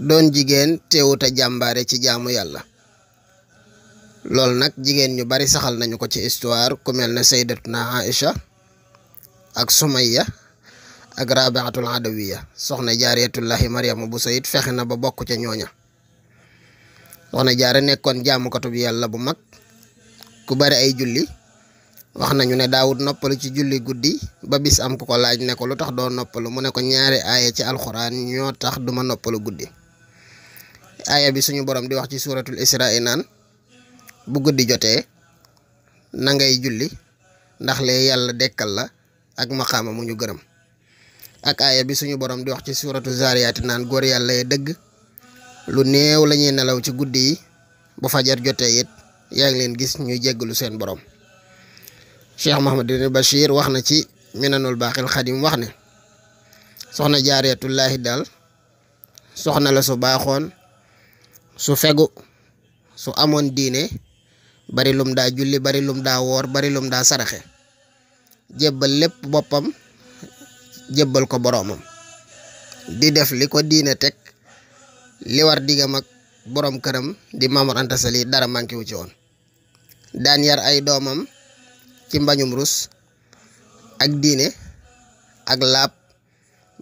doon jigéen teewute a jàmbaare ci jaamu yàlla loolu nag jigéen ñu bari saxal nañu ko ci histoire ku mel ne na Aïcha ak Sumayya ak Rabiatul Adawiya soxna jaariyatullahi Mariama bu Sayid fexe na ba bokk ca ñooña soxna jaare nekkoon jaamukatu yàlla bu mag ku bari ay julli wax nañu ne daawut noppalu ci julli guddi ba bis am ku ko laaj ne ko lu tax doo noppalu mu ne ko ñaari aaya ci alxuraan ñoo tax duma noppalu guddi aaya bi suñu borom di wax ci suuratul israa naan bu guddi jotee na ngay julli ndax lee yàlla dekkal la ak maqaama mu ñu gërëm ak aaya bi suñu boroom di wax ci suuratu zaariyaati naan góor yàlla ya dëgg lu néew lañuy nelaw ci guddi yi bu fajar jotee it yaa ngi leen gis ñuy jéggalu seen borom Cheikh Mouhamadul Bachir wax na ci minanul baaxil xadim wax ne soxna jaariyatullaahi daal soxna la su baaxoon su fegu su amon diine bari lum juli julli bari lum da wor bari lum da saraxé jébbal lepp bopam ko boromam di def liko ko diine tek li war digam ak borom kërëm di Mamour Anta Sali dara manki wu ci won dan yar ay domam ci mbañum rus ak diine ak lab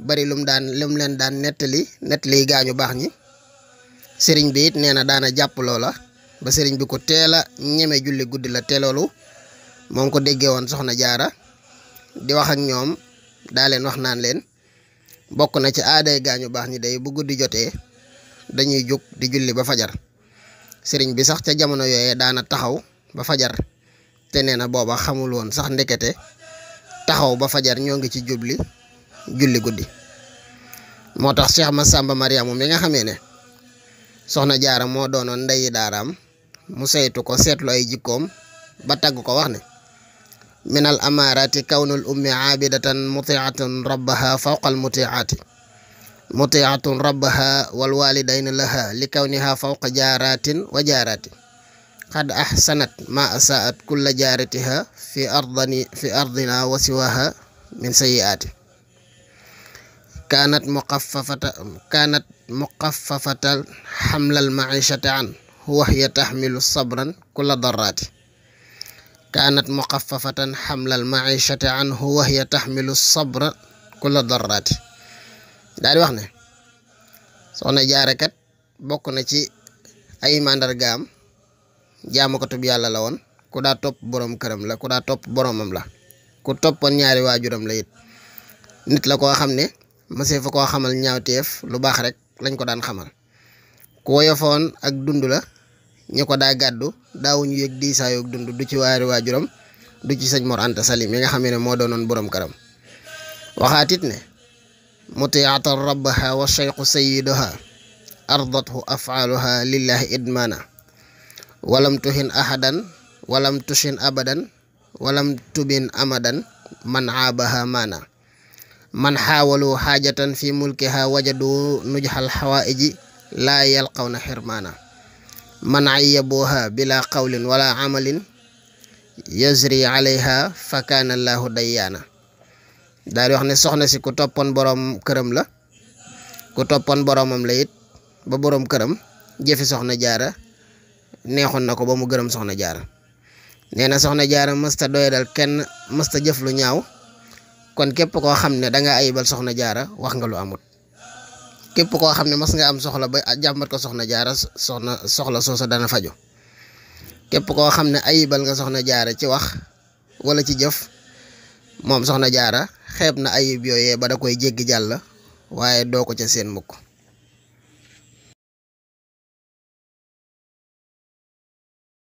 bari lum daan lum len daan netali nettali gañu bax ni sëriñ bi it nee na daana jàpp loola ba sëriñ bi ko teel a ñeme julli guddi la te loolu moo ngi ko déggee woon soxna jaara di wax ak ñoom daa leen wax naan leen bokk na ci aaday gaañu baax ñi day bu guddi jotee dañuy jóg di julli ba fajar sëriñ bi sax ca jamono yooyee daana taxaw ba fajar te nee na booba xamul woon sax ndekete taxaw ba fajar ñoo ngi ci jubli julli guddi moo tax Cheikh Massamba Mariamu mi nga xamee ne soxna jaara moo doonoon ndeyi daaraam mu saytu ko seetlu ay jikkoom ba tagg ko wax ne min al amaarati kawnul ummi aabidatan rabbaha fawqa al mutiaati rabbaha wal laha li kawniha fawqa jaaratin qad ahsanat ma asaat kulla jaaratiha fi ardani fi min sayiaati kanat muqaffafata kanat muqaffafatal xamlal maishati an waxya taxmilu sabran kula daraati kaanat muqaffafatan xamlal maishati anhu waxya taxmilu sabra kula daraati daal wax ne soxna jaarakat bokk na ci ay màndargaam jaamukatub yàlla la woon ku daa topp borom këram la ku daa topp boromam la ku toppoon ñaari waajuram la it nit la koo xam ne mësee fa koo xamal ñaawteef lu baax rek lañ ko daan xamal ku woyofoon ak dund la ñi ko daa gàddu daawuñu yëg diisaayoog dund du ci waari waajuram du ci sëñ Anta Salim yi nga xam ne moo doonoon borom këram waxaatit ne mutiata rabbaha wa cheyqu sayidoha ardathu afaaluha lillahi idmaana walam tuhin ahadan walam tushin abadan walam tubin amadan man aabaha maana man xaawalu xaajatan fi mulkiha wajadu nujxal xawaaiji laa yalqawna xirmaana man ayyabuha bila qawlin wala amalin yajri alayha fa kaana allahu dayyaana daal di wax ne soxna si ku toppoon boroom këram la ku toppoon boroomam la it ba boroom këram jëfi soxna jaara neexoon na ko ba mu gërëm soxna jaara nee na soxna jaara mësta doyadal kenn mësta jëf lu ñaaw kon képp koo xam ne danga ayibal soxna jaara wax nga lu amut képp koo xam ne mas nga am soxla ba jàmbat ko soxna jaara soxna soxla soo sa dana fajo képp koo xam ne ayibal nga soxna jaara ci wax wala ci jëf moom soxna jaara xeeb na ayib yooyee ba da koy jéggi jàll waaye doo ko ca seen mukk